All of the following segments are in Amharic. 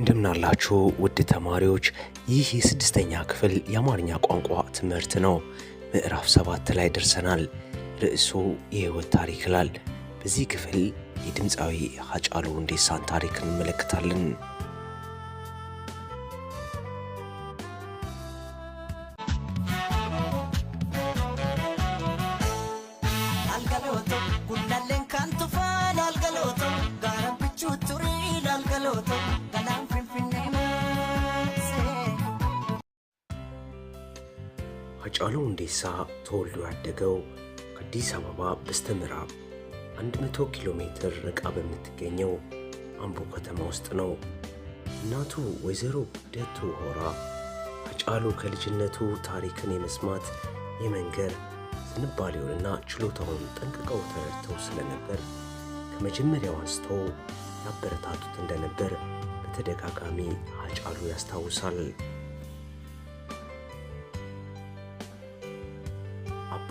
እንደምናላችሁ ውድ ተማሪዎች፣ ይህ የስድስተኛ ክፍል የአማርኛ ቋንቋ ትምህርት ነው። ምዕራፍ ሰባት ላይ ደርሰናል። ርዕሱ የህይወት ታሪክ ይላል። በዚህ ክፍል የድምፃዊ ሀጫሉ ሁንዴሳን ታሪክ እንመለከታለን። ሃጫሉ ሁንዴሳ ተወልዶ ያደገው ከአዲስ አበባ በስተ ምዕራብ 100 ኪሎ ሜትር ርቃ በምትገኘው አምቦ ከተማ ውስጥ ነው። እናቱ ወይዘሮ ደቱ ሆራ ሃጫሉ ከልጅነቱ ታሪክን የመስማት የመንገር ዝንባሌውንና ችሎታውን ጠንቅቀው ተረድተው ስለነበር ከመጀመሪያው አንስቶ ያበረታቱት እንደነበር በተደጋጋሚ ሃጫሉ ያስታውሳል።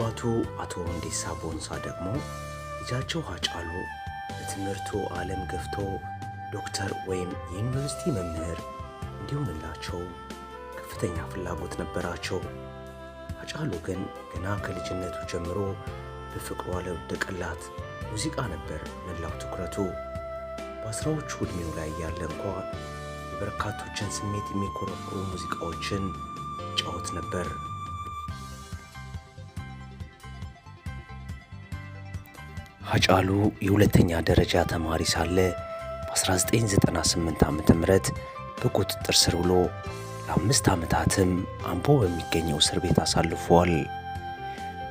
አባቱ አቶ ወንዴሳ ቦንሳ ደግሞ ልጃቸው ሀጫሉ በትምህርቱ ዓለም ገፍቶ ዶክተር ወይም የዩኒቨርሲቲ መምህር እንዲሆንላቸው ከፍተኛ ፍላጎት ነበራቸው። ሀጫሉ ግን ገና ከልጅነቱ ጀምሮ በፍቅሯ ለወደቀላት ሙዚቃ ነበር መላው ትኩረቱ። በአስራዎቹ ዕድሜው ላይ ያለ እንኳ የበርካቶችን ስሜት የሚኮረኩሩ ሙዚቃዎችን ይጫወት ነበር። ሀጫሉ የሁለተኛ ደረጃ ተማሪ ሳለ በ1998 ዓ ም በቁጥጥር ስር ውሎ ለአምስት ዓመታትም አምቦ በሚገኘው እስር ቤት አሳልፏል።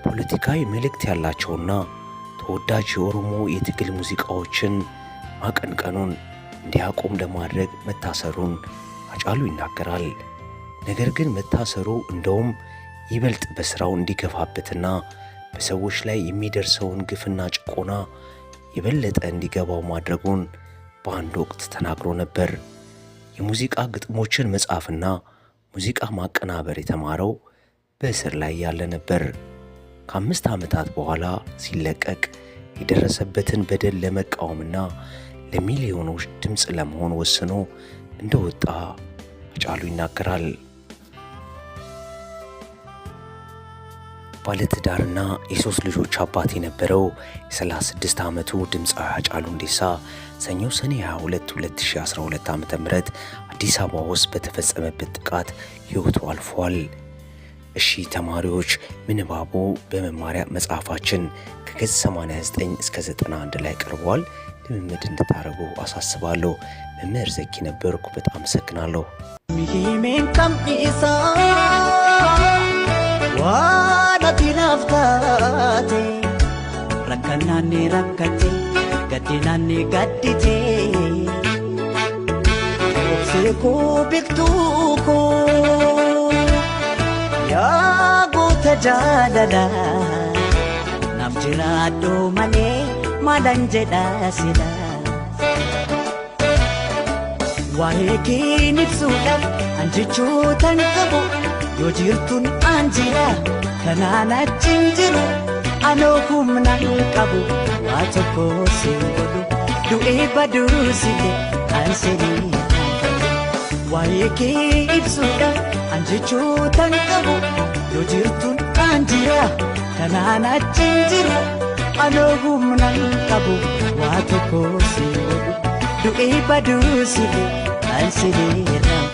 ፖለቲካዊ መልእክት ያላቸውና ተወዳጅ የኦሮሞ የትግል ሙዚቃዎችን ማቀንቀኑን እንዲያቆም ለማድረግ መታሰሩን ሀጫሉ ይናገራል። ነገር ግን መታሰሩ እንደውም ይበልጥ በሥራው እንዲገፋበትና በሰዎች ላይ የሚደርሰውን ግፍና ጭቆና የበለጠ እንዲገባው ማድረጉን በአንድ ወቅት ተናግሮ ነበር። የሙዚቃ ግጥሞችን መጻፍና ሙዚቃ ማቀናበር የተማረው በእስር ላይ ያለ ነበር። ከአምስት ዓመታት በኋላ ሲለቀቅ የደረሰበትን በደል ለመቃወምና ለሚሊዮኖች ድምፅ ለመሆን ወስኖ እንደወጣ አጫሉ ይናገራል። ባለትዳርና የሶስት ልጆች አባት የነበረው የ36 ዓመቱ ድምፃዊ ሃጫሉ ሁንዴሳ ሰኞ ሰኔ 22 2012 ዓ ም አዲስ አበባ ውስጥ በተፈጸመበት ጥቃት ሕይወቱ አልፏል። እሺ ተማሪዎች ምንባቡ በመማሪያ መጽሐፋችን ከገጽ 89 እስከ 91 ላይ ቀርቧል። ልምምድ እንድታደርጉ አሳስባለሁ። መምህር ዘኪ ነበርኩ። በጣም አመሰግናለሁ። dhalatinaaf taate rakkate gaddee naannee gaddite obsee koo beektuu koo yaa goota jaalala naaf jiraadhoo malee maalan jedhaa silaa. waa'ee keen anjichuu tan qabu yoo jirtuun anjiraa. Kanaan achiin anoo humnaan qabu waa tokko si godhu du'ee baduu sile kan seenii ta'e waa'ee kee ibsuudha an jechootaan qabu yoo jirtuun kan jira kanaan jiru anoo humnaan qabu waa tokko si godhu du'ee baduu sile kan seenii